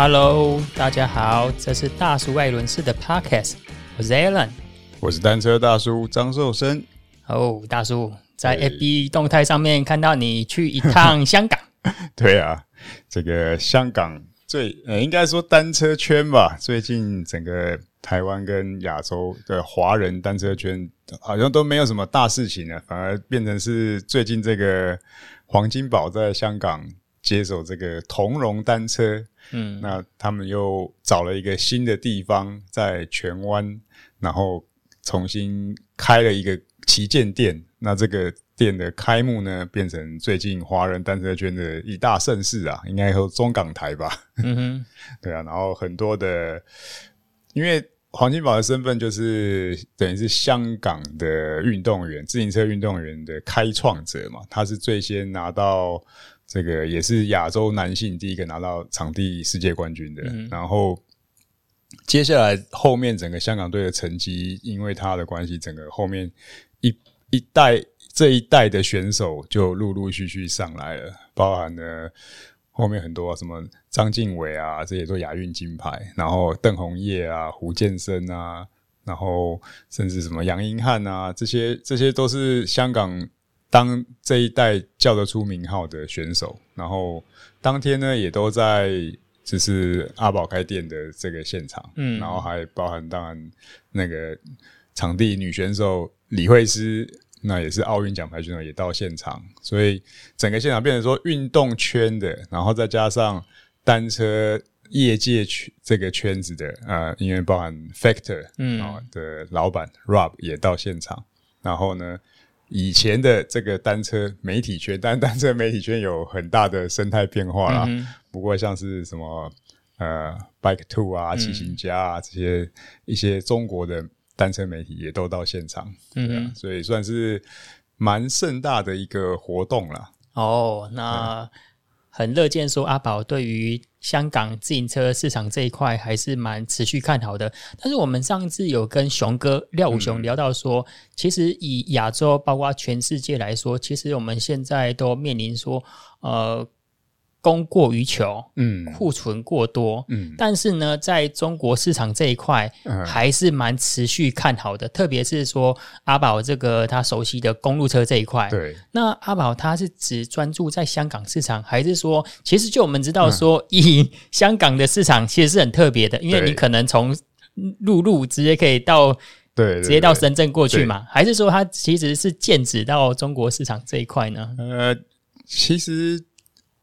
Hello，大家好，這是大叔愛輪式的 Podcast，我是 Alan。我是單車大叔張壽生。哦、oh，大叔，在 FB 動態上面看到你去一趟香港。 對啊，這個香港最……呃，應該說單車圈吧，最近整個台灣跟亞洲的華人單車圈好像都沒有什麼大事情了，反而變成是最近這個黃金寶在香港接手這個同榮單車。嗯，那他們又找了一個新的地方，在荃灣，然後重新開了一個旗艦店。那這個店的開幕呢，變成最近華人單車圈的一大盛事啊，應該說中港台吧。嗯哼 對啊。然後很多的，因為黃金寶的身份就是等於是香港的運動員，自行車運動員的開創者嘛，他是最先拿到。這個也是亞洲男性第一個拿到場地世界冠軍的。嗯、然後，接下來後面整個香港隊的成績，因為他的關係，整個後面一一代這一代的選手就陸陸續續，續上來了，包含了後面很多、啊、什麼張敬偉啊這些做亞運金牌，然後鄧宏業啊、胡建生啊，然後甚至什麼楊英漢啊這些，這些都是香港。當這一代叫得出名號的選手，然後當天呢也都在就是阿寶開店的這個現場，嗯，然後還包含當然那個場地女選手李慧詩，那也是奧運獎牌選手也到現場，所以整個現場變成說運動圈的，然後再加上單車業界圈這個圈子的，呃，因為包含 Factor 嗯的老闆 Rob 也到現場，嗯、然後呢。以前的這個單車媒體圈，當然單車媒體圈有很大的生態變化啦、嗯。不過像是什麼呃，Biketo 啊，騎行家啊、嗯、這些一些中國的單車媒體也都到現場，對啊嗯、所以算是蠻盛大的一個活動啦。哦，那。嗯很樂見說阿寶對於香港自行車市場這一塊還是蠻持續看好的，但是我們上次有跟熊哥廖武雄聊到說，嗯、其實以亞洲包括全世界來說，其實我們現在都面臨說，呃。供過於求，嗯，庫存過多，嗯，但是呢，在中國市場這一塊還是蠻持續看好的，嗯、特別是說阿寶這個他熟悉的公路車這一塊，對。那阿寶他是只專注在香港市場，還是說其實就我們知道說以香港的市場其實是很特別的，嗯，因為你可能從陸路直接可以到對，直接到深圳過去嘛，對對對對，還是說他其實是劍指到中國市場這一塊呢？呃，其實。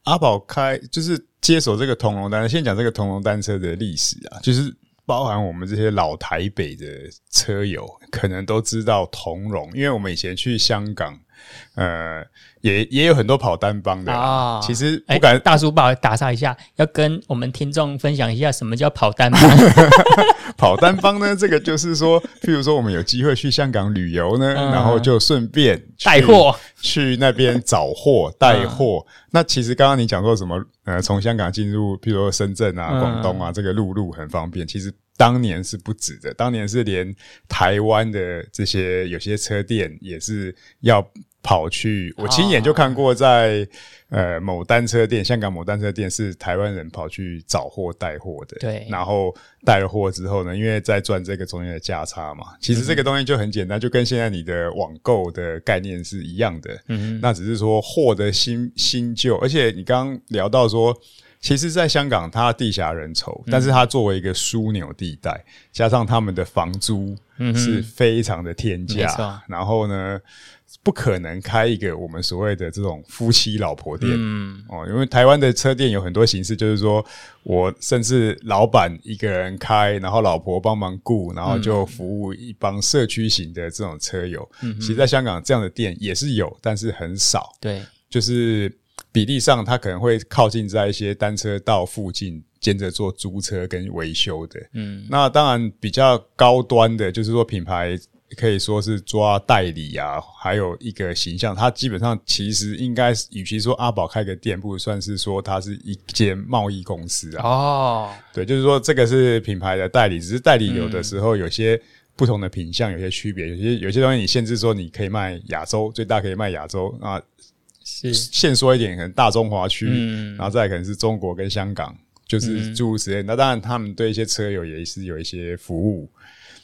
阿寶開，就是接手這個同龍單車，先講這個同龍單車的歷史啊，就是包含我們這些老台北的車友，可能都知道同龍，因為我們以前去香港。呃，也也有很多跑單幫的啊、哦。其實，哎、欸，大叔寶，打岔一下，要跟我們聽眾分享一下什麼叫跑單幫？ 跑單幫呢？這個就是說，譬如說，我們有機會去香港旅遊呢、嗯，然後就順便帶貨去那邊找貨帶貨。那其實剛剛你講說什麼？呃，從香港進入，譬如說深圳啊、廣東啊，嗯、這個陸路很方便。其實當年是不止的，當年是連台灣的這些有些車店也是要。跑去，我親眼就看過在，在、Oh. 呃，某單車店，香港某單車店是台灣人跑去找貨帶貨的，對，然後帶貨之後呢，因為在賺這個中間的價差嘛。其實這個東西就很簡單，嗯、就跟現在你的網購的概念是一樣的，嗯，嗯，那只是說貨的新新舊，而且你剛剛聊到說。其實，在香港，它地狹人稠，但是它作為一個樞紐地帶、嗯，加上他們的房租是非常的天價、嗯。然後呢，不可能開一個我們所謂的這種夫妻老婆店。哦、嗯，因為台灣的車店有很多形式，就是說，我甚至老板一個人開，然後老婆幫忙顧，然後就服務一幫社區型的這種車友。嗯、其實，在香港，這樣的店也是有，但是很少。對，就是。比例上，他可能會靠近在一些單車道附近兼着做租車跟維修的。嗯，那當然比較高端的，就是說品牌可以說是抓代理啊，還有一個形象。它基本上其實應該，與其說阿寶開個店鋪，不如算是說它是一間貿易公司啊。哦，對，就是說這個是品牌的代理，只是代理有的時候有些不同的品項，有些區別，有些有些東西你限制說你可以賣亞洲，最大可以賣亞洲啊。那是，現說一點，可能大中華區、嗯，然後再可能是中國跟香港，就是注入資源。那當然，他們對一些車友也是有一些服務，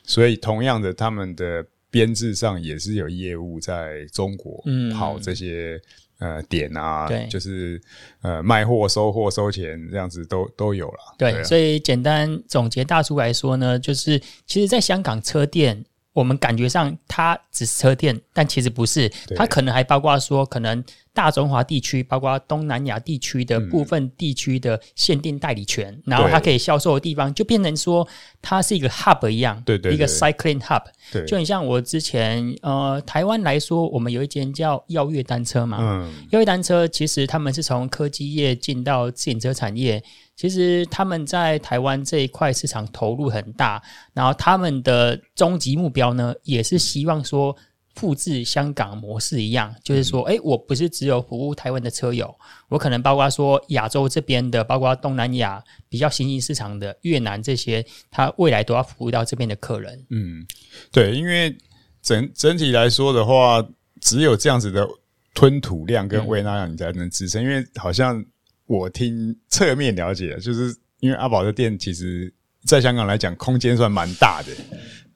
所以同樣的，他們的編制上也是有業務在中國跑、嗯、這些、嗯、呃點啊，對就是呃賣貨、收貨、收錢這樣子都都有了。對，對、啊，所以簡單總結大叔來說呢，就是其實在香港車店。我們感覺上它只是車店，但其實不是。它可能還包括說，可能大中華地區，包括東南亞地區的部分地區的限定代理權，嗯、然後它可以銷售的地方，就變成說它是一個 hub 一樣，對對對，一個 cycling hub。就很像我之前呃，台灣來說，我們有一間叫耀越單車嘛、嗯，耀越單車其實他們是從科技業進到自行車產業。其實他們在台灣這一塊市場投入很大，然後他們的終極目標呢，也是希望說複製香港模式一樣，就是說，哎、欸，我不是只有服務台灣的車友，我可能包括說亞洲這邊的，包括東南亞比較新興市場的越南這些，他未來都要服務到這邊的客人。嗯，對，因為整整體來說的話，只有這樣子的吞吐量跟胃納量，你才能支撐、嗯，因為好像。我聽側面了解了，就是因為阿寶的店，其實在香港來講，空間算蠻大的。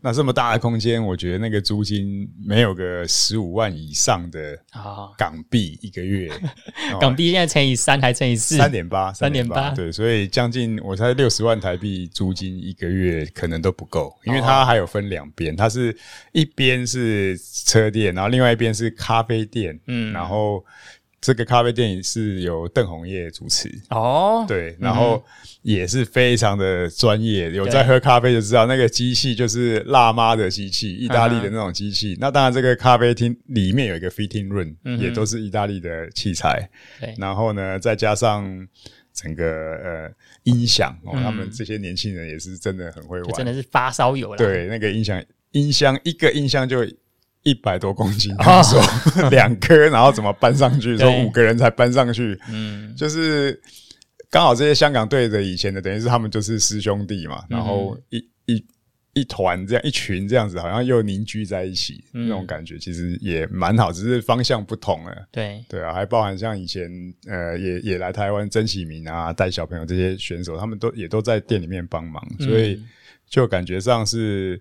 那這麼大的空間，我覺得那個租金沒有個十五萬以上的港幣一個月。 港幣現在乘以三還乘以四，三點八，三點八。對，所以將近我猜六十萬台幣租金一個月可能都不夠，因為它還有分兩邊，它是一邊是車店，然後另外一邊是咖啡店，嗯，然後。這個咖啡店是由鄧紅葉主持哦，對，然後也是非常的專業、嗯。有在喝咖啡就知道，那個機器就是辣媽的機器，意大利的那種機器、嗯。那當然，這個咖啡廳裡面有一個 fitting room，、嗯、也都是意大利的器材。對，然後呢，再加上整個呃音響、哦嗯，他們這些年輕人也是真的很會玩，就真的是發燒友了。對，那個音響音箱，一個音箱就。一百多公斤，他說兩顆，哦、 然後怎麼搬上去？說五個人才搬上去。嗯，就是剛好這些香港隊的以前的，等於是他們就是師兄弟嘛，然後一、嗯、一一團這樣一群這樣子，好像又凝聚在一起、嗯、那種感覺，其實也蠻好，只是方向不同了。對對啊，還包含像以前呃，也也來台灣曾啟明啊，帶小朋友這些選手，他們都也都在店裡面幫忙，所以就感覺上是。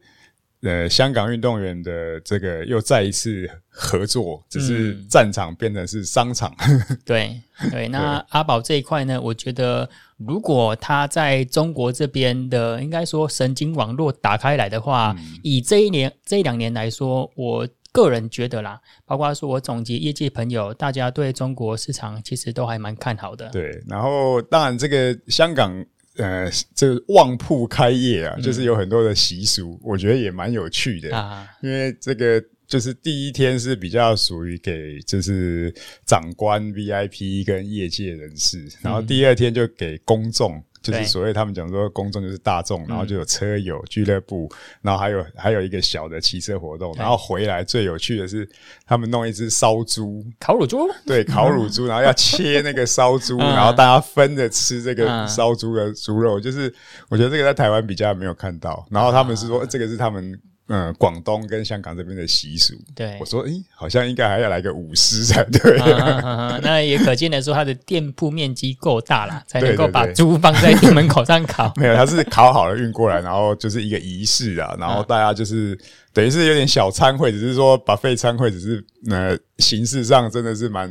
呃，香港運動員的這個又再一次合作，只是戰場變成是商場。嗯、 對對，那阿寶這一塊呢，我覺得如果他在中國這邊的，應該說神經網絡打開來的話，嗯、以這一年、這兩年來說，我個人覺得啦，包括說我總結業界朋友大家對中國市場其實都還蠻看好的。對，然後當然這個香港。呃，這個旺鋪開業啊，就是有很多的習俗，嗯，我覺得也蠻有趣的啊啊，因為這個就是第一天是比較屬於給就是長官 VIP 跟業界人士，然後第二天就給公眾。嗯嗯。就是所謂他們講說，公眾就是大眾，然後就有車友俱樂部，然後還有還有一個小的騎車活動，然後回來最有趣的是他們弄一只燒豬，烤乳豬，對，烤乳豬， 然後要切那個燒豬，然後大家分着吃這個燒豬的豬肉，嗯，就是我覺得這個在台灣比較沒有看到，然後他們是說這個是他們。嗯，廣東跟香港這邊的習俗，對我說，誒、欸，好像應該還要來個舞獅才對啊啊啊啊啊！那也可見得說，他的店鋪面積夠大了，才能夠把豬放在店門口上烤。對對對 沒有，它是烤好了運過來，然後就是一個儀式啊，然後大家就是等於、嗯、是有點小餐會，只是說 buffet 餐會，只是呃，形式上真的是蠻。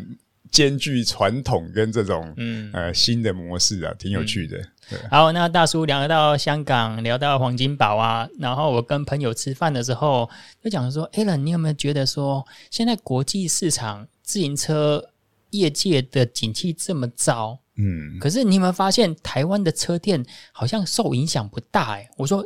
兼具傳統跟這種、嗯、呃新的模式啊，挺有趣的、嗯。好，那大叔聊到香港，聊到黃金寶啊，然後我跟朋友吃飯的時候，就講說 Alan，你有沒有覺得說，現在國際市場自行車？業界的景氣這麼糟，嗯，可是你有沒有發現台灣的車店好像受影響不大哎，欸。我說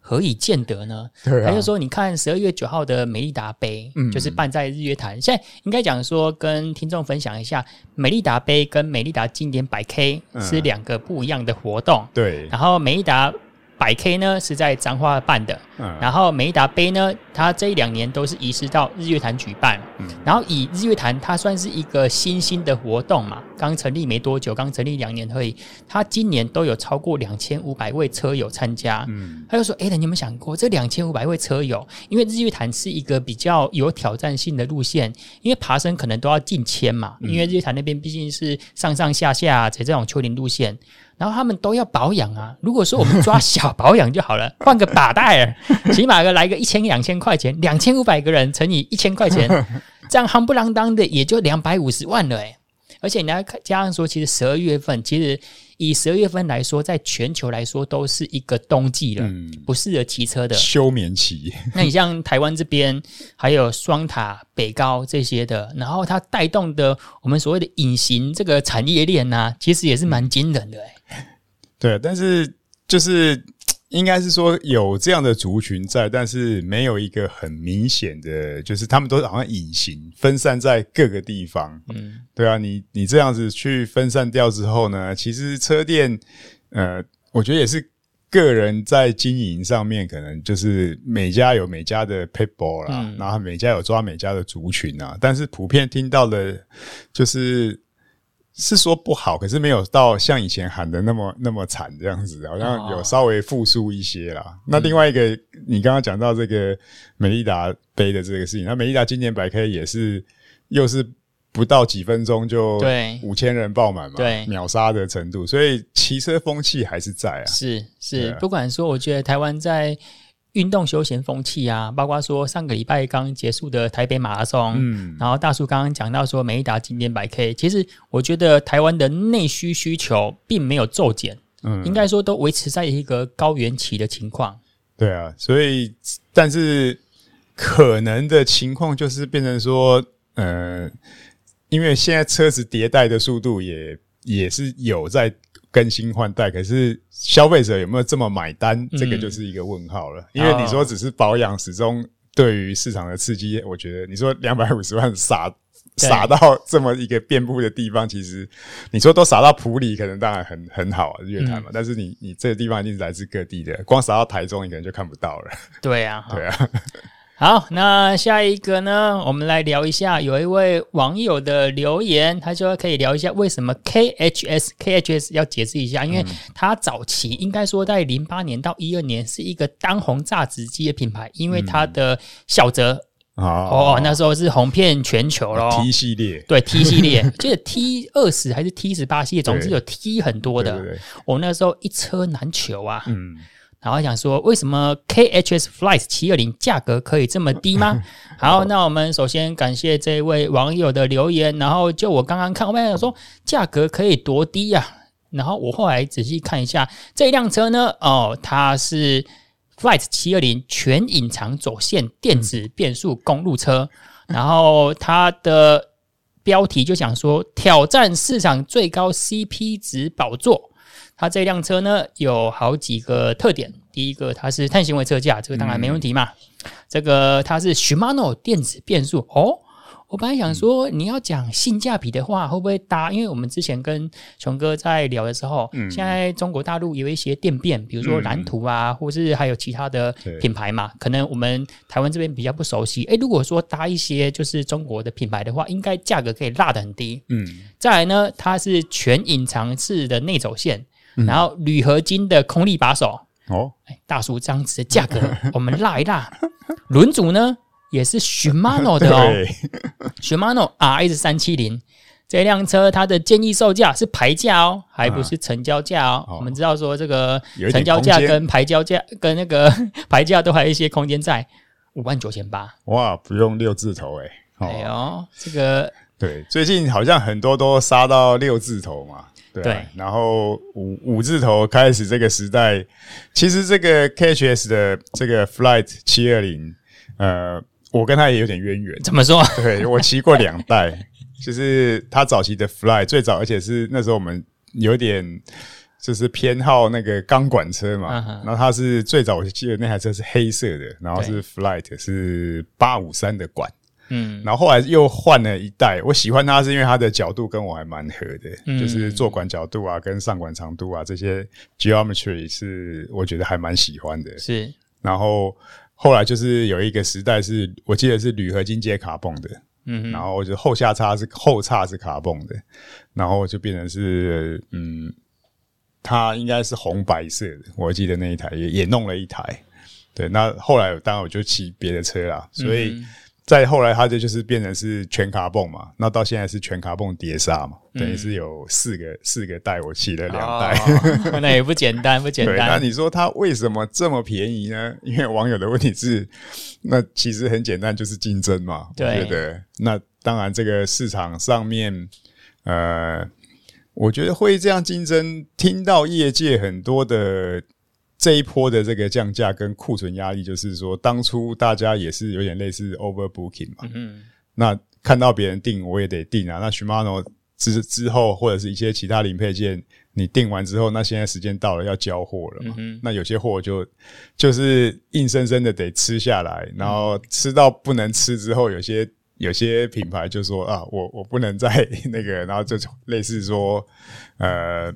何以見得呢？他、 啊、就說你看十二月九號的美利達杯，嗯，就是辦在日月潭。現在應該講說跟聽眾分享一下，美利達杯跟美利達經典百 K 是兩個不一樣的活動，對，嗯。然後美利達。百 K 呢是在彰化辦的，嗯、然後美利達杯呢，它這一兩年都是移師到日月潭舉辦、嗯。然後以日月潭，它算是一個新興的活動嘛，剛成立沒多久，剛成立兩年而已。它今年都有超過兩千五百位車友參加。嗯，他就說：“哎，你有沒有想過，這兩千五百位車友，因為日月潭是一個比較有挑戰性的路線，因為爬升可能都要近千嘛、嗯，因為日月潭那邊畢竟是上上下下，在這種丘陵路線。”然後他們都要保養啊！如果說我們抓小保養就好了， 換個把帶兒，起碼要來個一千兩千塊錢，兩千五百個人乘以一千塊錢， 這樣夯不啷噹的也就兩百五十萬了，欸，而且你來看，加上說其實12月份，其實十二月份其實。以十二月份來說，在全球來說都是一個冬季了，嗯、不適合騎車的休眠期。那你像台灣這邊， 還有雙塔、北高這些的，然後它帶動的我們所謂的隱形這個產業鏈呢、啊，其實也是蠻驚人的、欸。對，但是就是。應該是說有這樣的族群在，但是沒有一個很明顯的，就是他們都是好像隱形，分散在各個地方。嗯、對啊，你你這樣子去分散掉之後呢，其實車店，呃，我覺得也是個人在經營上面，可能就是每家有每家的 people 啦、嗯，然後每家有抓每家的族群啊，但是普遍聽到的，就是。是說不好，可是沒有到像以前喊的那麼那麼慘這樣子，好像有稍微復甦一些啦、哦。那另外一個，嗯、你剛剛講到這個美利達杯的這個事情，那美利達今年百 K 也是，又是不到幾分鐘就五千人爆滿嘛，對，秒殺的程度，所以騎車風氣還是在啊。是是，不管說，我覺得台灣在。運動休閒風氣啊，包括說上個禮拜剛結束的台北馬拉松，嗯，然後大叔剛剛講到說，美利達經典百 K，其實我覺得台灣的內需需求並沒有驟減，嗯，應該說都維持在一個高原期的情況、嗯。對啊，所以但是可能的情況就是變成說，呃，因為現在車子迭代的速度也也是有在。更新換代，可是消費者有沒有這麼買單、嗯？這個就是一個問號了。因為你說只是保養，始終對於市場的刺激，哦、我覺得你說兩百五十萬撒撒到這麼一個遍佈的地方，其實你說都撒到埔里，可能當然很很好、啊，月潭嘛、嗯。但是你你這個地方一定是來自各地的，光撒到台中，你可能就看不到了。對啊，對啊。哦 好，那下一個呢？我們來聊一下，有一位網友的留言，他說可以聊一下為什麼 KHS KHS 要解釋一下，嗯、因為它早期應該說在零八年到一二年是一個當紅炸子雞的品牌，嗯、因為它的小折哦，哦，那時候是紅遍全球咯 T 系列對 T 系列，記得 T 二十還是 T 十八系列，總之有 T 很多的，我、哦、那時候一車難求啊。嗯。然後想說，為什麼 KHS Flight 七二零價格可以這麼低嗎？好，那我們首先感謝這位網友的留言。然後就我剛剛看，我本來想說價格可以多低呀，啊。然後我後來仔細看一下這輛車呢，哦，它是 Flight 七二零全隱藏走線電子變速公路車，嗯。然後它的標題就想說挑戰市場最高 CP 值寶座。它這輛車呢有好幾個特點，第一個它是碳纖維車架，這個當然沒問題嘛。嗯、這個它是 Shimano 電子變速哦。我本來想說你要講性價比的話，會不會搭、嗯？因為我們之前跟熊哥在聊的時候，嗯、現在中國大陸有一些電變，比如說藍圖啊，嗯、或是還有其他的品牌嘛。嗯、可能我們台灣這邊比較不熟悉。哎、欸，如果說搭一些就是中國的品牌的話，應該價格可以落得很低。嗯，再來呢，它是全隱藏式的內走線。嗯、然後鋁合金的空力把手哦，哎，大叔這樣子的價格，我們拉一拉。輪組呢也是 Shimano 的哦，Shimano RS 三七零。這輛車它的建議售價是牌價哦，還不是成交價哦。我們知道說這個成交價跟牌價跟那個牌價都還有一些空間在，五萬九千八。哇，不用六字頭誒，哎呦，這個對，最近好像很多都殺到六字頭嘛。對，然後五五字頭開始這個時代，其實這個 KHS 的這個 Flight 七二零，呃，我跟他也有點淵源。怎麼說？對，我騎過兩代， 就是他早期的 Flight，最早，而且是那時候我們有點就是偏好那個鋼管車嘛、嗯。然後他是最早，我就記得那台車是黑色的，然後是 Flight 是八五三的管。嗯，然後後來又換了一代，我喜歡它是因為它的角度跟我還蠻合的，嗯，就是坐管角度啊，跟上管長度啊這些 geometry 是我覺得還蠻喜歡的。是，然後後來就是有一個時代是我記得是鋁合金接 carbon 的，嗯，然後我覺得後下叉是後叉是 carbon 的，然後就變成是嗯，它應該是紅白色的，我記得那一台也也弄了一台，對，那後來當然我就騎別的車啦，所以。嗯再後來，它就就是變成是全 carbon 嘛，那到現在是全 carbon 碟剎嘛，嗯、等於是有四個四個代，我騎了兩代，哦、 那也不簡單，不簡單。那你說它為什麼這麼便宜呢？因為網友的問題是，那其實很簡單，就是競爭嘛。對，我覺得，那當然這個市場上面，呃，我覺得會這樣競爭，聽到業界很多的。這一波的這個降價跟庫存壓力，就是說當初大家也是有點類似 overbooking 嘛。嗯，那看到別人訂我也得訂啊。那 Shimano 之之後或者是一些其他零配件，你訂完之後，那現在時間到了要交貨了嘛，嗯。那有些貨就就是硬生生的得吃下來，然後吃到不能吃之後，有些有些品牌就說啊，我我不能再那個，然後就類似說呃。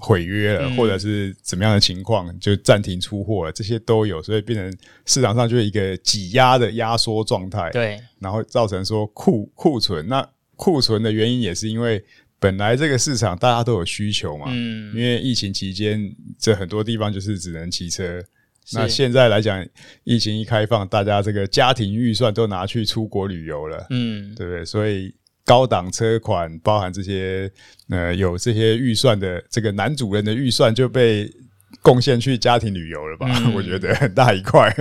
毀約了，或者是怎麼樣的情況，嗯、就暫停出貨了，這些都有，所以變成市場上就是一個擠壓的壓縮狀態。對，然後造成說庫庫存，那庫存的原因也是因為本來這個市場大家都有需求嘛。嗯，因為疫情期間，這很多地方就是只能騎車。那現在來講，疫情一開放，大家這個家庭預算都拿去出國旅遊了。嗯，對不對？所以。高檔車款，包含這些，呃,有這些預算的這個男主人的預算就被貢獻去家庭旅遊了吧、嗯？我覺得很大一塊。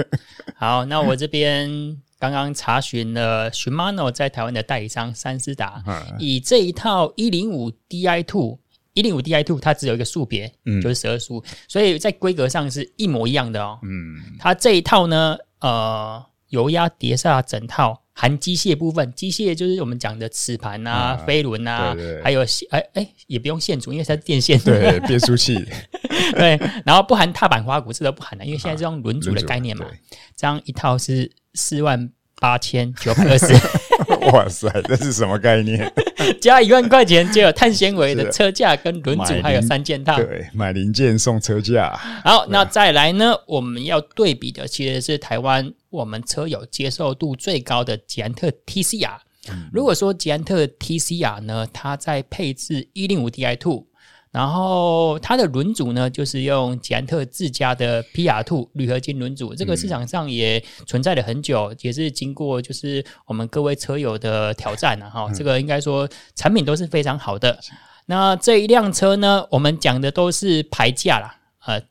好，那我這邊剛剛查詢了 ，Shimano 在台灣的代理商三思達、嗯，以這一套一零五 Di Two 一零五 Di Two，它只有一個速別，就是十二速，所以在規格上是一模一樣的哦。嗯，它這一套呢，呃，油壓碟剎，整套，含機械部分，機械就是我們講的齒盤啊、嗯、啊、飛輪啊對對對，還有線，哎、欸、哎、欸，也不用線組，因為它是電線。對，變速器。 對，然後不含踏板花鼓，這都不含的，因為現在這種輪組的概念嘛。啊、這樣一套是四萬八千九百二十。 哇塞，這是什麼概念？ 加一萬塊錢就有碳纖維的車架跟輪組，還有三件套。對，買零件送車架。好、啊，那再來呢？我們要對比的其實是台灣我們車友接受度最高的捷安特 TCR、嗯。如果說捷安特 TCR 呢，它在配置一零五 Di2。然後它的輪組呢，就是用捷安特自家的 PR2 鋁合金輪組，這個市場上也存在了很久、嗯，也是經過就是我們各位車友的挑戰、啊，然、嗯、後這個應該說產品都是非常好的。嗯、那這一輛車呢，我們講的都是牌價啦，呃，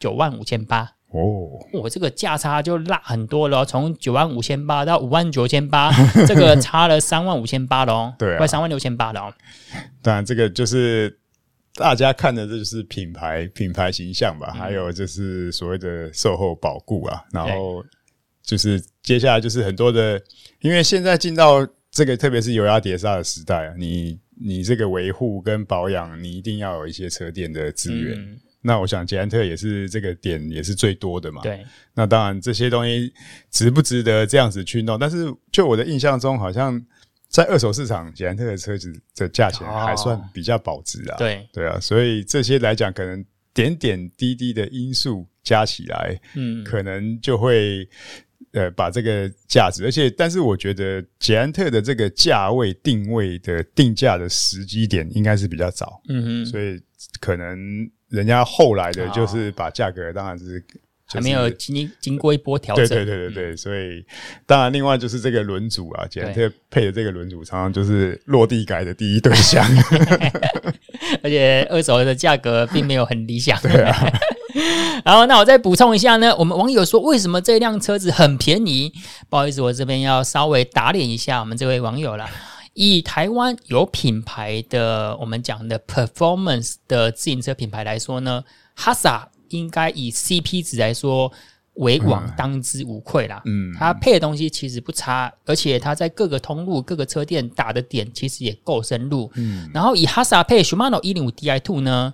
九萬五千八哦，我、哦、這個價差就拉很多咯，從九萬五千八到五萬九千八，這個差了三萬五千八咯。對、啊，快三萬六千八咯。當然，這個就是。大家看的這就是品牌品牌形象吧，還有就是所謂的售後保固啊，然後就是接下來就是很多的，因為現在進到這個特別是油壓碟剎的時代啊，你你這個維護跟保養，你一定要有一些車店的資源。嗯、那我想捷安特也是這個點也是最多的嘛。對，那當然這些東西值不值得這樣子去弄？但是就我的印象中，好像。在二手市場，捷安特的車子的價錢還算比較保值啊、哦。對對啊，所以這些來講，可能點點滴滴的因素加起來，嗯，可能就會呃把這個價值。而且，但是我覺得捷安特的這個價位定位的定價的時機點應該是比較早，嗯哼，所以可能人家後來的就是把價格當然、就是。就是、還沒有經經過一波調整，對，對對對對對，所以當然另外就是這個輪組啊，簡直配的這個輪組常常就是落地改的第一對象， 而且二手的價格並沒有很理想。對啊， 然後那我再補充一下呢，我們網友說為什麼這輛車子很便宜？不好意思，我這邊要稍微打臉一下我們這位網友啦。以台灣有品牌的我們講的 performance 的自行車品牌來說呢，哈薩。應該以 CP 值來說，為王當之無愧啦。嗯，他、嗯、配的東西其實不差，而且他在各個通路、各個車店打的點其實也夠深入。嗯，然後以哈薩配 Shimano 一零五 Di Two 呢，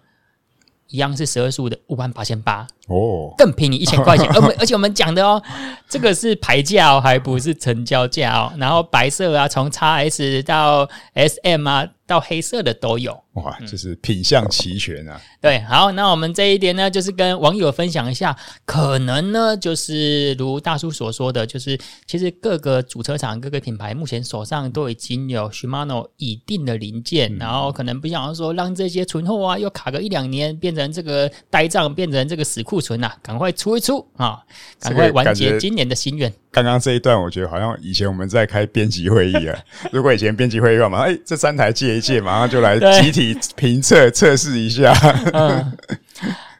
一樣是十二速的五萬八千八哦，更便宜一千塊錢。 而而且我們講的哦、喔， 這個是牌價哦、喔，還不是成交價哦、喔。然後白色啊，從 X S 到 S M 啊。到黑色的都有。哇，就是品相齊全啊、嗯。對，好，那我們這一點呢，就是跟網友分享一下，可能呢，就是如大叔所說的就是，其實各個主車廠、各個品牌目前手上都已經有 Shimano 已定的零件，嗯、然後可能不想要說讓這些存貨啊，又卡個一兩年，變成這個呆賬，變成這個死庫存啊，趕快出一出啊，趕、哦、快完結今年的心願。剛、這、剛、個、這一段，我覺得好像以前我們在開編輯會議啊， 如果以前編輯會議幹嘛？哎、欸，這三台借。馬上就來集體評測測試一下。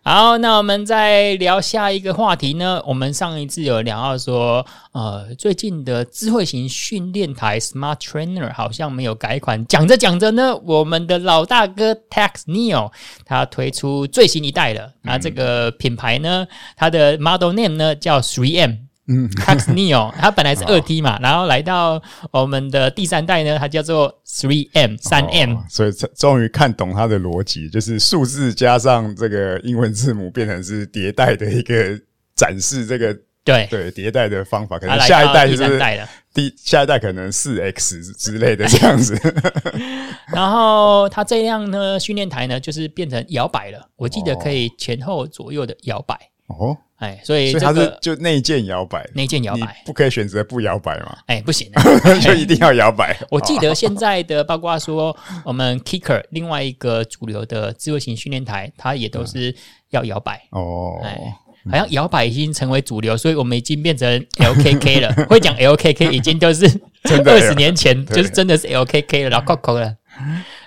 好，那我們再聊下一個話題呢。我們上一次有聊到說，呃，最近的智慧型訓練台 Smart Trainer 好像沒有改款。講着講着呢，我們的老大哥 Tax Neo 他推出最新一代了。那這個品牌呢，它的 Model Name 呢叫 3M。嗯，Tacx Neo 哦， Neo, 他本來是二 T 嘛，哦，然後來到我們的第三代呢，它叫做 Three M 三、哦、M，所以終終於看懂它的邏輯，就是數字加上這個英文字母，變成是迭代的一個展示。這個對對，迭代的方法，可能，啊、下一代就是，啊、第三代了，下一代可能四 X 之類的這樣子 。 然後它這輛呢，訓練台呢就是變成搖擺了，我記得可以前後左右的搖擺哦。哦哎，所以這個，所以他是就內建搖擺，內建搖擺，不可以選擇不搖擺嗎？哎，不行， 就一定要搖擺。我記得現在的，包括說我們 Kicker 另外一個主流的智慧型訓練台，它也都是要搖擺哦。哎，嗯、好像搖擺已經成為主流，所以我們已經變成 LKK 了， 會講 LKK 已經都是整個二十年前就是真的是 LKK 了，然後 Coco 了。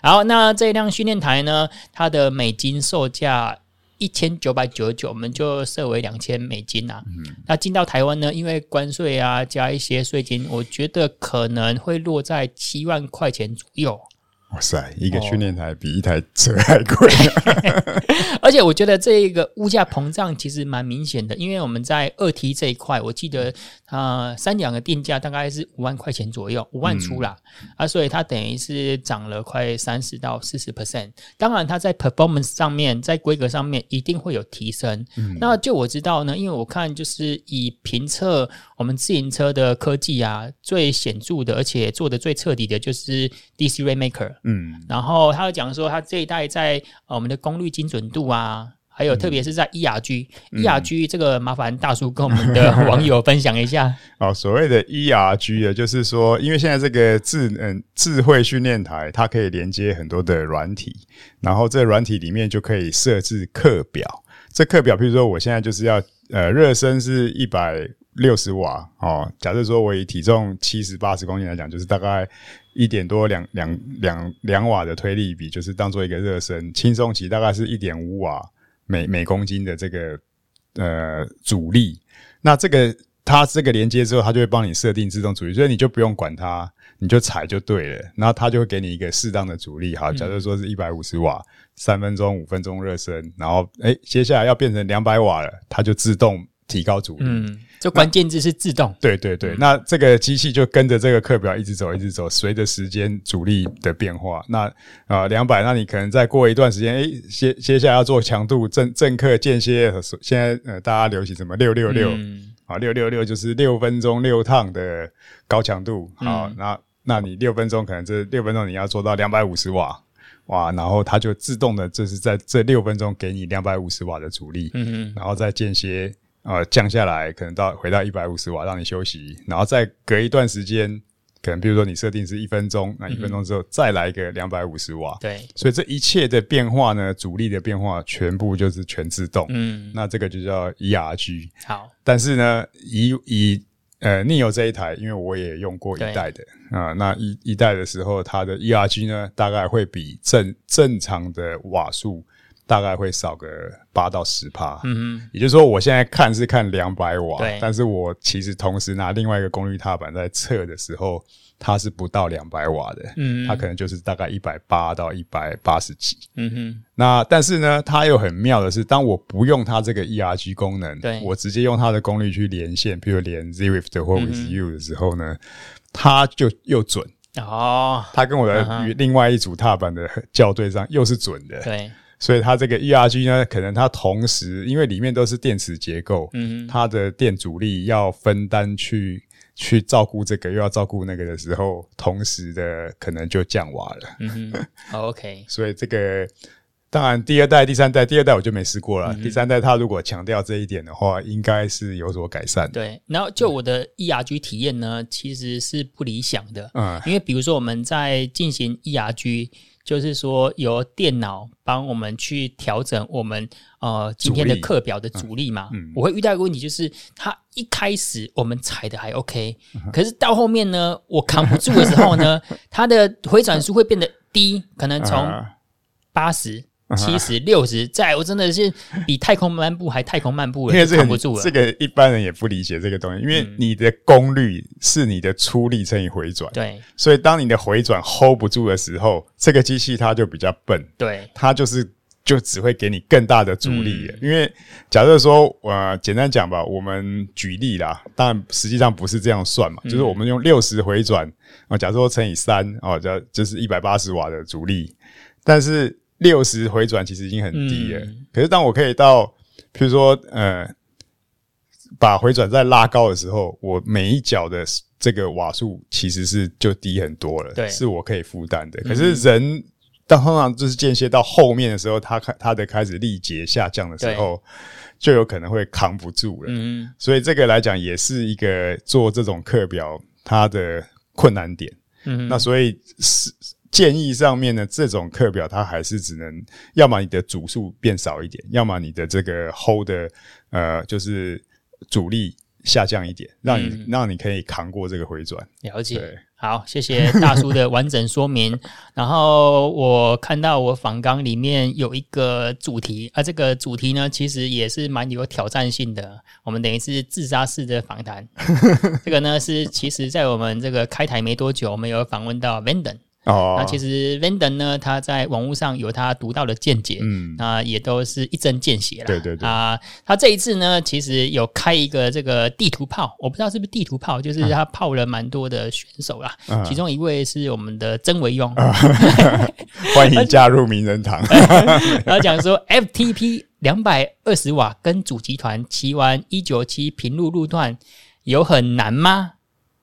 好，那這一輛訓練台呢，它的美金售價。一千九百九十九，我們就設為兩千美金啊。嗯。那進到台灣呢，因為關稅啊，加一些稅金，我覺得可能會落在七萬塊錢左右。哇塞，一個訓練台比一台車還貴，哦、 而且我覺得這一個物價膨脹其實蠻明顯的，因為我們在二 T 這一塊，我記得啊，三兩的定價大概是五萬塊錢左右，五萬出啦。嗯、啊，所以它等於是漲了快三十到四十 percent。當然，它在 performance 上面，在規格上面一定會有提升。嗯、那就我知道呢，因為我看就是以評測我們自行車的科技啊，最顯著的而且做的最徹底的就是 DC Rainmaker。嗯，然後他又講說，他這一代在呃，我們的功率精準度啊，還有特別是在 E R G、嗯、E R G 這個，麻煩大叔跟我們的網友分享一下。 哦，所謂的 E R G 啊，就是說，因為現在這個智能智慧訓練台，它可以連接很多的軟體，然後這軟體裡面就可以設置課表。這課表，譬如說，我現在就是要呃，熱身是一百六十瓦哦。假設說我以體重七十八十公斤來講，就是大概。一點多兩兩兩兩瓦的推力比，就是當做一個熱身，輕鬆期大概是一點五瓦每每公斤的這個呃阻力。那這個它這個連接之後，它就會幫你設定自動阻力，所以你就不用管它，你就踩就對了。然後它就會給你一個適當的阻力哈。假設說是一百五十瓦，三、嗯、分鐘五分鐘熱身，然後誒、欸、接下來要變成兩百瓦了，它就自動提高阻力。嗯就關鍵字是自動，對對對，嗯、那這個機器就跟着這個課表一直走，一直走，隨着時間阻力的變化，那啊兩百，呃、200，那你可能再過一段時間，誒、欸、接接下來要做強度正正課間歇，現在呃大家流行什麼六六六啊六六六就是六分鐘六趟的高強度，好，那、嗯、那你六分鐘可能這六分鐘你要做到兩百五十瓦，哇，然後它就自動的，就是在這六分鐘給你兩百五十瓦的阻力，嗯嗯，然後再間歇。啊、呃，降下來可能到回到一百五十瓦，讓你休息，然後再隔一段時間，可能比如說你設定是一分鐘，那一分鐘之後再來一個兩百五十瓦。對、嗯嗯，所以這一切的變化呢，阻力的變化全部就是全自動。嗯，嗯，那這個就叫 ERG。好，但是呢，以以呃 Neo 這一台，因為我也用過一代的啊、呃，那一一代的時候，它的 ERG 呢，大概會比正正常的瓦數。大概會少個八到十趴，嗯哼，也就是說，我現在看是看兩百瓦，但是我其實同時拿另外一個功率踏板在測的時候，它是不到兩百瓦的，嗯，它可能就是大概一百八到一百八十幾，嗯哼。那但是呢，它又很妙的是，當我不用它這個 E R G 功能，對，我直接用它的功率去連線，譬如連 Zwift 或者是 U 的時候呢，嗯、它就又準哦，它跟我的另外一組踏板的校對上又是準的，嗯、對。所以它這個 E R G 呢，可能它同時因為裡面都是電池結構，嗯，它的電阻力要分擔去去照顧這個，又要照顧那個的時候，同時的可能就降瓦了。嗯哼，OK。 所以這個當然第二代、第三代，第二代我就沒試過了，嗯。第三代它如果強調這一點的話，應該是有所改善的。對，然後就我的 E R G 體驗呢，嗯，其實是不理想的。嗯，因為比如說我們在進行 E R G。就是說，由電腦幫我們去調整我們呃今天的課表的阻力嘛。我會遇到一個問題，就是它一開始我們踩的還 OK，可是到後面呢，我扛不住的時候呢，它的回轉數會變得低，可能從八十。七十、六十，在我真的是比太空漫步還太空漫步了，因為這個，hold 不住了。這個一般人也不理解這個東西，因為你的功率是你的出力乘以回轉。嗯。對，所以當你的回轉 hold 不住的時候，這個機器它就比較笨。對，它就是就只會給你更大的阻力。嗯。因為假設說，呃，簡單講吧，我們舉例啦，但實際上不是這樣算嘛，嗯，就是我們用六十回轉，啊，呃，假如說乘以三，啊，這，就是一百八十瓦的阻力，但是。六十回轉其實已經很低了，嗯，可是當我可以到，譬如說，呃，把回轉再拉高的時候，我每一腳的這個瓦數其實是就低很多了，對，是我可以負擔的。可是人，當、嗯、通常就是間歇到後面的時候，他他的開始力竭下降的時候，就有可能會扛不住了。嗯，所以這個來講也是一個做這種課表它的困難點。嗯，那所以是。建議上面呢，這種課表它還是只能，要麼你的主數變少一點，要麼你的這個 Hold 的呃，就是阻力下降一點，讓你、嗯、讓你可以扛過這個回轉。了解。對，好，謝謝大叔的完整說明。 然後我看到我訪綱裡面有一個主題啊，這個主題呢其實也是蠻有挑戰性的，我們等於是自殺式的訪談。 這個呢是其實在我們這個開台沒多久，我們有訪問到 Vendon。哦，那其實 Vanda 呢，他在網路上有他獨到的見解，嗯、呃，那也都是一針見血了。對對對、呃，他他這一次呢，其實有開一個這個地圖炮，我不知道是不是地圖炮，就是他炮了蠻多的選手啦，嗯、其中一位是我們的曾維庸，嗯、 歡迎加入名人堂 他講。 他講說 FTP 兩百二十瓦跟主集團騎完一九七平路路段有很難嗎？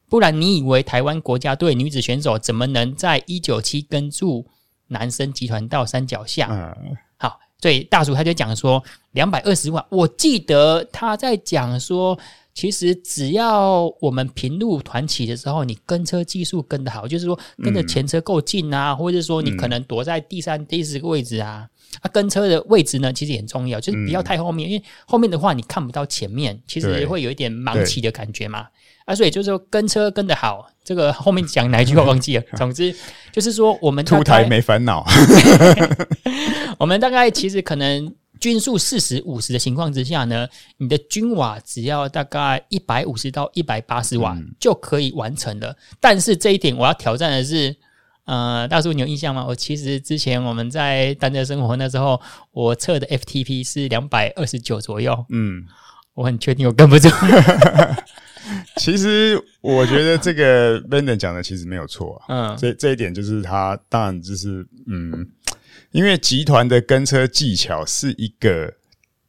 不然你以為台灣國家隊女子選手怎麼能在一九七跟住男生集團到山腳下、嗯？好，所以大叔他就講說兩百二十萬。我記得他在講說，其實只要我們平路團騎的時候，你跟車技術跟得好，就是說跟着前車夠近啊，嗯、或者說你可能躲在第三、第四個位置啊，嗯、啊，跟車的位置呢其實也很重要，就是不要太後面、嗯，因為後面的話你看不到前面，其實會有一點盲騎的感覺嘛。啊，所以就是說跟車跟得好，這個後面講哪一句我忘記了。 總之就是說，我們團騎沒煩惱。 我們大概其實可能均速四十五十的情況之下呢，你的均瓦只要大概一百五十到一百八十瓦就可以完成的，嗯。但是這一點我要挑戰的是，呃，大叔你有印象嗎？我其實之前我們在單車生活那時候，我測的 FTP 是兩百二十九左右。嗯，我很確定我跟不住。 其實我覺得這個 Ben 的講的其實沒有錯啊，嗯，這這一點就是他當然就是嗯，因為集團的跟車技巧是一個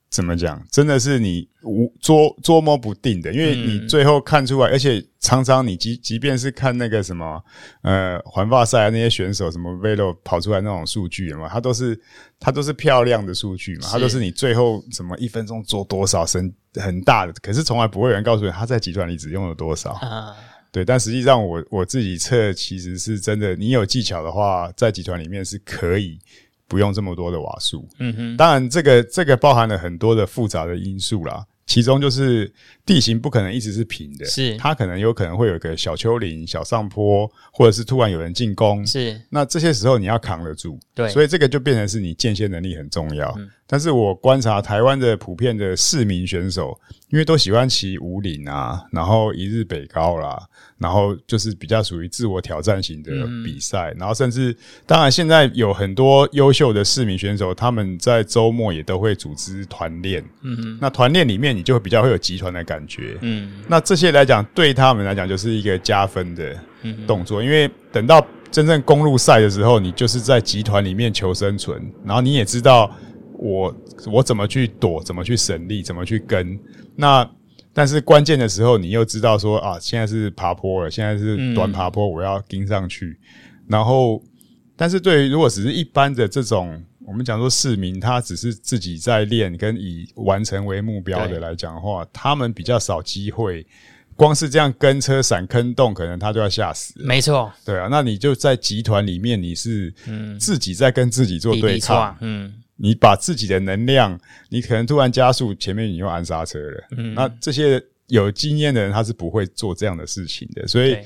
怎麼講，真的是你無捉捉摸不定的，因為你最後看出來，而且常常你即即便是看那個什麼呃環法賽、啊、那些選手什麼 Velo 跑出來那種數據嘛，他都是他都是漂亮的數據嘛，他都是你最後什麼一分鐘做多少升。很大的，可是從來不會有人告訴你他在集團裡只用了多少啊？對，但實際上我我自己測其實是真的，你有技巧的話，在集團裡面是可以不用這麼多的瓦數。嗯哼，當然這個這個包含了很多的複雜的因素啦，其中就是地形不可能一直是平的，是它可能有可能會有一個小丘陵、小上坡，或者是突然有人進攻，是那這些時候你要扛得住，對，所以這個就變成是你間歇能力很重要。嗯但是我觀察台灣的普遍的市民選手，因為都喜歡騎武嶺啊，然後一日北高啦、啊，然後就是比較屬於自我挑戰型的比賽、嗯。然後甚至當然，現在有很多優秀的市民選手，他們在周末也都會組織團練。嗯哼，那團練裡面你就比較會有集團的感覺。嗯哼，那這些來講對他們來講就是一個加分的動作，嗯、因為等到真正公路賽的時候，你就是在集團裡面求生存，然後你也知道。我我怎麼去躲？怎麼去省力？怎麼去跟？那但是關鍵的時候，你又知道說啊，現在是爬坡了，現在是短爬坡，我要跟上去。嗯、然後，但是對於如果只是一般的這種，我們講說市民，他只是自己在練，跟以完成為目標的來講的話，他們比較少機會。光是這樣跟車閃坑洞，可能他就要嚇死。沒錯，對啊。那你就在集團裡面，你是嗯自己在跟自己做對抗，嗯。你把自己的能量，你可能突然加速，前面你又按剎車了。嗯。那這些有經驗的人，他是不會做這樣的事情的。所以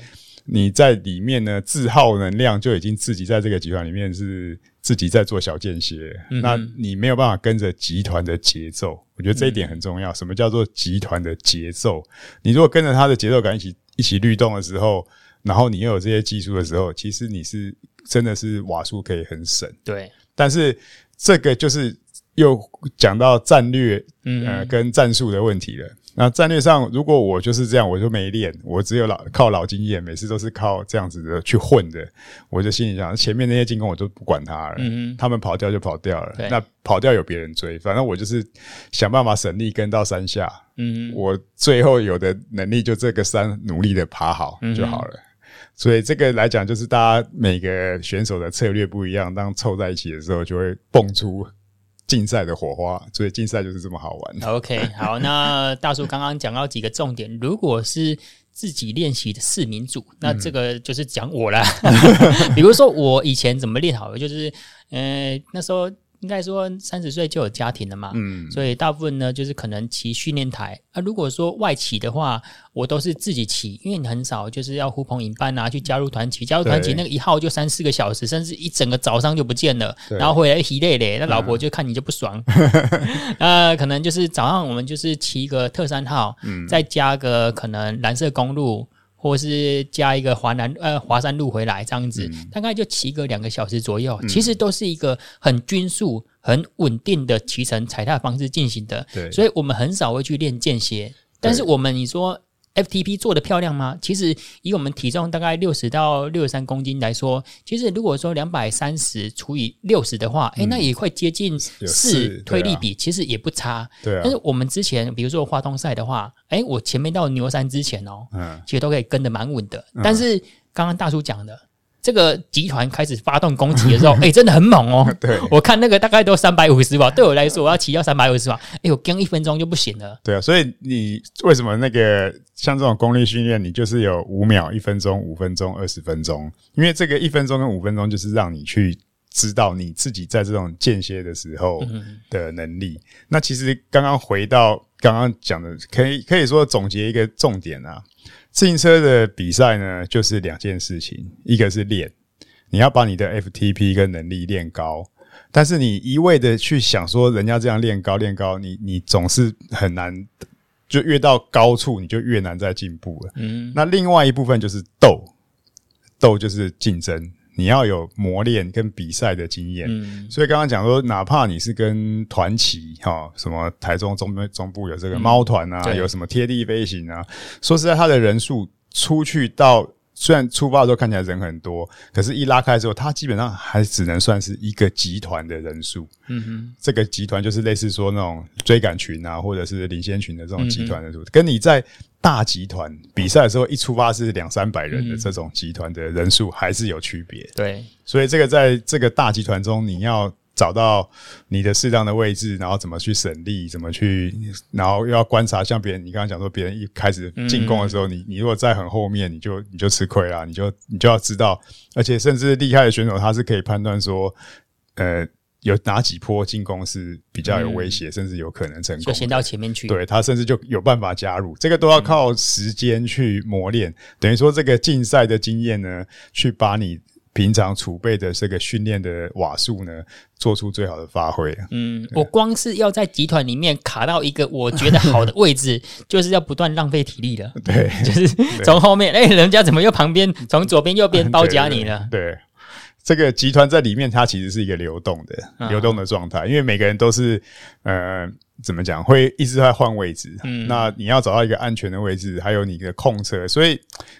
你在裡面呢，自耗能量就已經自己在這個集團裡面是自己在做小間歇。嗯。那你沒有辦法跟着集團的節奏，我覺得這一點很重要。嗯、什麼叫做集團的節奏？你如果跟着他的節奏感，一起一起律動的時候，然後你又有這些技術的時候，其實你是真的是瓦數可以很省。對，但是。這個就是又講到戰略，嗯，呃，跟戰術的問題了。嗯，嗯，那戰略上，如果我就是這樣，我就沒練，我只有老靠老經驗，每次都是靠這樣子的去混的。我就心裡想，前面那些進攻我都不管他了，嗯，嗯，他們跑掉就跑掉了。那跑掉有別人追，反正我就是想辦法省力跟到山下。嗯，嗯，我最後有的能力就這個山努力的爬好就好了。所以這個來講，就是大家每個選手的策略不一樣，當湊在一起的時候，就會蹦出競賽的火花。所以競賽就是這麼好玩。OK，好，那大叔剛剛講到幾個重點， 如果是自己練習的市民組，那這個就是講我了。 比如說我以前怎麼練好的，就是嗯、呃，那時候。應該說三十歲就有家庭了嘛，嗯、所以大部分呢就是可能騎訓練台那、啊、如果說外騎的話，我都是自己騎，因為你很少就是要呼朋引伴啊去加入團騎，加入團騎那個一號就三四個小時，甚至一整個早上就不見了，然後回來疲累累，那老婆就看你就不爽。嗯、 呃，可能就是早上我們就是騎一個特三號，再加個可能藍色公路。或是加一個華南，呃，華山路回來這樣子，嗯、大概就騎個兩個小時左右、嗯，其實都是一個很均速、很穩定的騎乘踩踏方式進行的。對，所以我們很少會去練間歇，但是我們你說。FTP 做得漂亮嗎？其實以我們體重大概六十到六十三公斤來說，其實如果說兩百三十除以六十的話，哎、嗯欸，那也快接近四推力比、啊，其實也不差。對啊。但是我們之前比如說花東賽的話，哎、欸，我前面到牛山之前哦、喔，嗯，其實都可以跟得蠻穩的蠻穩的。但是剛剛大叔講的。這個集團開始發動攻擊的時候，哎、欸，真的很猛哦、喔！ 對，我看那個大概都三百五十瓦，對我來說我要 350W,、欸，我要騎到三百五十瓦，哎我剛一分鐘就不行了。對啊，所以你為什麼那個像這種功率訓練，你就是有五秒、一分鐘、五分鐘、二十分鐘，因為這個一分鐘跟五分鐘就是讓你去知道你自己在這種間歇的時候的能力。嗯、那其實剛剛回到剛剛講的，可以可以說總結一個重點啊。自行車的比賽呢，就是兩件事情，一個是練，你要把你的 FTP 跟能力練高，但是你一味的去想說人家這樣練高練高，你你總是很難，就越到高處你就越難再進步了。嗯，那另外一部分就是鬥，鬥就是競爭。你要有磨練跟比賽的經驗，所以剛剛講說，哪怕你是跟團騎，哈，什麼台中中中部有這個貓團啊，有什麼貼地飛行啊，說實在，他的人數出去到。雖然出發的時候看起來人很多，可是一拉開之後，它基本上還只能算是一個集團的人數。嗯哼，這個集團就是類似說那種追趕群啊，或者是領先群的這種集團的人數、嗯，跟你在大集團比賽的時候、嗯、一出發是兩三百人的這種集團的人數、嗯、還是有區別。對，所以這個在這個大集團中，你要。找到你的適當的位置，然後怎麼去省力，怎麼去，然後又要觀察像別人，你剛剛講說，別人一開始進攻的時候，嗯、你你如果在很後面，你就你就吃虧了，你就你就要知道，而且甚至厲害的選手他是可以判斷說，呃，有哪幾波進攻是比較有威脅、嗯，甚至有可能成功，就先到前面去，對，他甚至就有辦法加入，這個都要靠時間去磨練、嗯，等於說這個競賽的經驗呢，去把你。平常儲備的這個訓練的瓦數呢，做出最好的發揮。嗯，我光是要在集團裡面卡到一個我覺得好的位置， 就是要不斷浪費體力的。對，就是從後面，誒、欸、人家怎麼又旁邊從左邊右邊包夾你呢？對，對，這個集團在裡面，它其實是一個流動的、嗯、流動的狀態，因為每個人都是，呃。怎麼講？會一直在換位置。嗯，那你要找到一個安全的位置，還有你的控車。所以，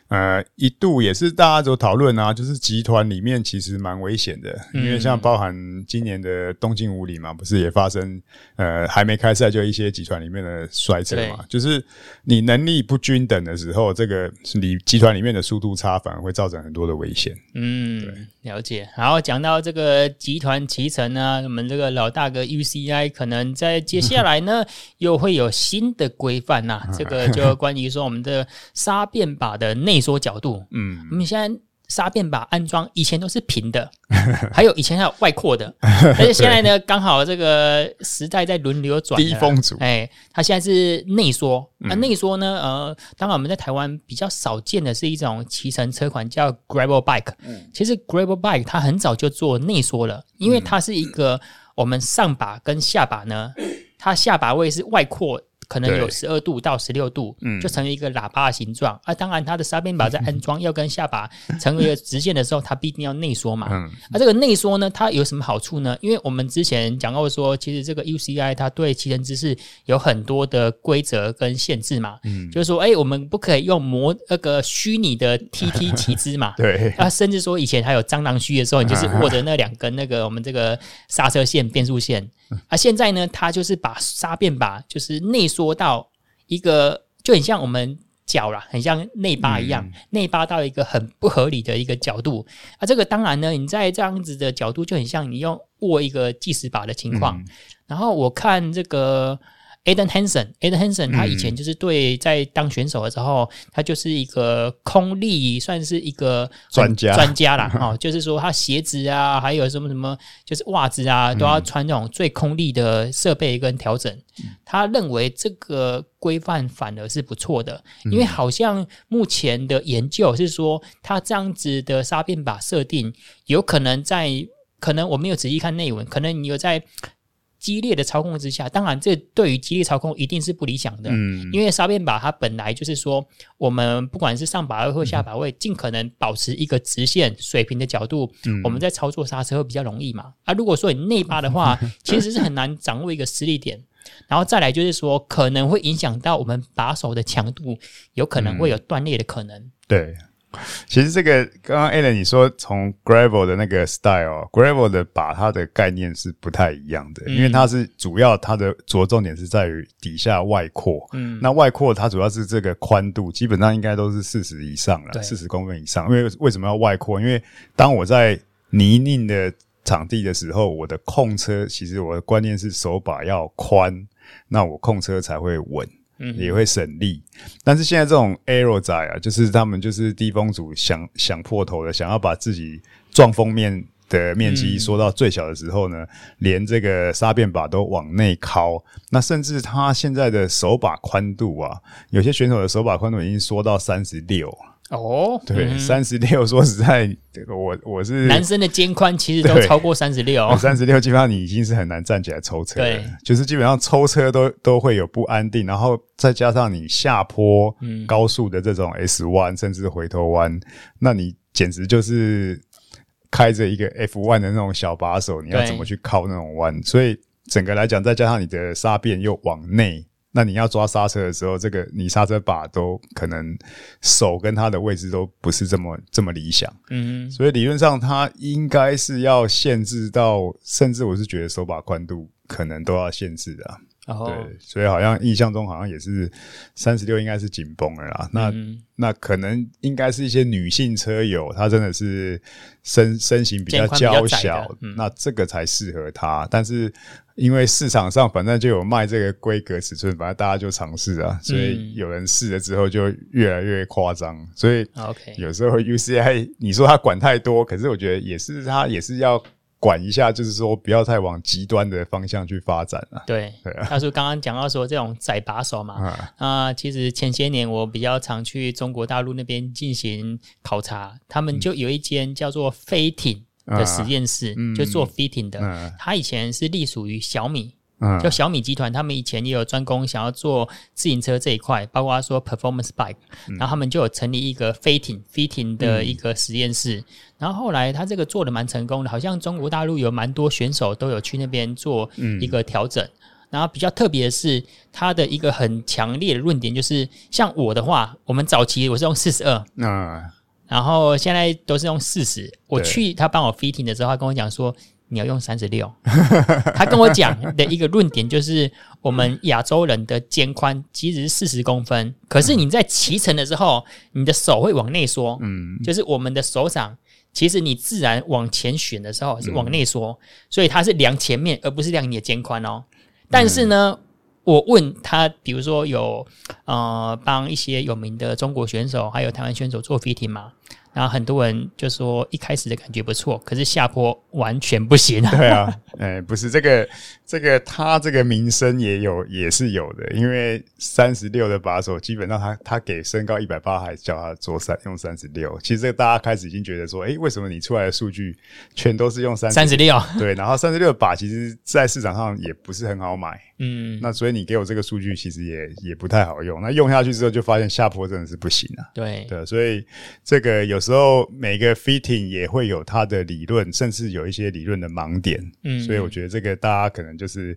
呃，一度也是大家都討論啊，就是集團裡面其實蠻危險的，嗯，因為像包含今年的東京五輪嘛，不是也發生？呃，還沒開賽就一些集團裡面的摔車嘛，就是你能力不均等的時候，這個裡集團裡面的速度差反而會造成很多的危險。嗯，對，了解。然後講到這個集團騎乘啊，我們這個老大哥 U C I 可能在接下來、嗯。後來呢，又會有新的規範吶。這個就關於說我們的煞變把的內縮角度。嗯，我們現在煞變把安裝以前都是平的，嗯、還有以前還有外擴的，而、嗯、且現在呢，剛好這個時代在輪流轉。低風阻，哎，它現在是內縮。那內縮呢？呃，當然我們在台灣比較少見的是一種騎乘車款叫 Gravel Bike、嗯。其實 Gravel Bike 它很早就做內縮了，因為它是一個我們上把跟下把呢。嗯它下把位是外擴，可能有十二度到十六度，就成為一個喇叭形狀、嗯。啊，當然它的煞變把在安裝要跟下把成為直線的時候， 它必定要內縮嘛。嗯、啊，這個內縮呢，它有什麼好處呢？因為我們之前講過說，其實這個 U C I 它對騎乘姿勢有很多的規則跟限制嘛。嗯、就是說，哎、欸，我們不可以用模那個虛擬的 T T 騎姿嘛。 對。啊，甚至說以前還有蟑螂鬚的時候，你就是握着那兩根那個我們這個剎車線、變速線。啊，現在呢，他就是把煞變把，就是內縮到一個，就很像我們腳啦，很像內八一樣，內、嗯、八到一個很不合理的一個角度。啊，這個當然呢，你在這樣子的角度就很像你用握一個計時把的情況、嗯。然後我看這個。Adam Hansen，Adam Hansen，他以前就是對在當選手的時候，嗯、他就是一個空力算是一個專家專、嗯、家了哦。 就是說，他鞋子啊，還有什麼什麼，就是襪子啊，都要穿那種最空力的設備跟調整、嗯。他認為這個規範反而是不錯的、嗯，因為好像目前的研究是說，他這樣子的煞變把設定有可能在可能我沒有仔細看內文，可能你有在。激烈的操控之下，當然這對於激烈操控一定是不理想的，嗯、因為煞變把它本來就是說，我們不管是上把位或下把位，盡、嗯、可能保持一個直線水平的角度，嗯、我們在操作剎車會比較容易嘛。啊，如果說你內八的話、嗯，其實是很難掌握一個施力點，嗯、然後再來就是說，可能會影響到我們把手的強度，有可能會有斷裂的可能。嗯、對。其實這個剛剛 Alan 你說從 Gravel 的那個 style，Gravel 的把它的概念是不太一樣的，嗯、因為它是主要它的着重點是在於底下外擴。嗯，那外擴它主要是這個寬度，基本上應該都是四十以上了，四十公分以上。因為為什麼要外擴？因為當我在泥濘的場地的時候，我的控車，其實我的觀念是手把要寬，那我控車才會穩。也會省力，但是現在這種 Aero 仔啊，就是他們就是低風阻，想想破頭的，想要把自己撞風面的面積縮到最小的時候呢，嗯、連這個煞變把都往內靠，那甚至他現在的手把寬度啊，有些選手的手把寬度已經縮到三十六。哦，對，三十六，說實在，這個我我是男生的肩寬，其實都超過三十六。三十六，基本上你已經是很難站起來抽車了，對，就是基本上抽車都都會有不安定。然後再加上你下坡高速的這種 S 彎、嗯，甚至回頭彎，那你簡直就是開着一個 F1 的那種小把手，你要怎麼去靠那種彎？所以整個來講，再加上你的煞變又往內。那你要抓剎車的時候，這個你剎車把都可能手跟它的位置都不是這麼這麼理想，嗯，所以理論上它應該是要限制到，甚至我是覺得手把寬度可能都要限制的啊，哦，對，所以好像印象中好像也是三十六應該是緊繃了啦，嗯，那那可能應該是一些女性車友，她真的是身身形比較嬌小較，嗯，那這個才適合她，但是。因為市場上反正就有賣這個規格尺寸，反正大家就嘗試啊，所以有人試了之後就越來越誇張，嗯，所以 OK 有時候 UCI 你說他管太多，啊 okay，可是我覺得也是他也是要管一下，就是說不要太往極端的方向去發展了，啊。對，大叔剛剛講到說這種窄把手嘛啊，啊，其實前些年我比較常去中國大陸那邊進行考察，他們就有一間叫做飛艇。嗯的實驗室、啊嗯、就做 fitting 的。啊、他以前是隸屬於小米，叫、啊、小米集團。他們以前也有專攻想要做自行車這一塊，包括他說 performance bike，、嗯、然後他們就有成立一個 fitting fitting 的一個實驗室、嗯。然後後來他這個做的蠻成功的，好像中國大陸有蠻多選手都有去那邊做一個調整、嗯。然後比較特別的是，他的一個很強烈的論點就是，像我的話，我們早期我是用四十二。然後現在都是用四十。我去他幫我 fitting 的時候，他跟我講說你要用三十六。 他跟我講的一個論點就是，我們亞洲人的肩寬其實是四十公分，可是你在騎乘的時候，你的手會往內縮，嗯，就是我們的手掌其實你自然往前旋的時候是往內縮，嗯，所以他是量前面而不是量你的肩寬哦。但是呢。嗯我問他，比如說有呃幫一些有名的中國選手還有台灣選手做 fitting 嘛，嗎？然後很多人就說一開始的感覺不錯，可是下坡完全不行，啊。對啊，哎， 欸，不是這個這個他這個名聲也有也是有的，因為三十六的把手基本上他他給身高一百八還叫他做三用三十六，其實這個大家開始已經覺得說，哎，欸，為什麼你出來的數據全都是用三十六？三十六。對，然後三十六把其實，在市場上也不是很好買。嗯，那所以你給我這個數據其實也也不太好用。那用下去之後就發現下坡真的是不行啊。對，對，所以這個有。時候每個 fitting 也會有它的理論，甚至有一些理論的盲點。嗯，所以我覺得這個大家可能就是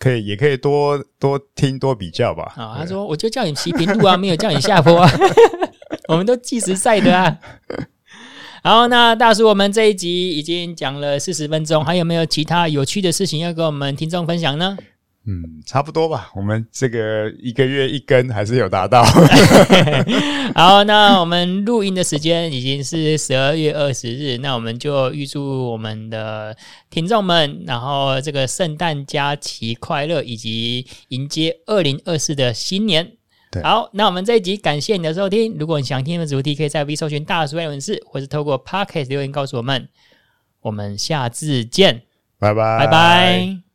可以，也可以多多聽多比較吧。啊、哦，他說我就叫你騎平路啊， 沒有叫你下坡啊， 我們都計時賽的啊。 好，那大叔，我們這一集已經講了四十分鐘，還有沒有其他有趣的事情要跟我們聽眾分享呢？嗯，差不多吧。我們這個一個月一更還是有達到 。好，那我們錄音的時間已經是十二月二十日。 那我們就預祝我們的聽眾們，然後這個聖誕假期快樂，以及迎接二零二四的新年。好，那我們這一集感謝你的收聽。如果你想聽的主題，可以在微社群大書閱文字，或是透過 Pocket 留言告訴我們。我們下次見，拜拜，拜拜。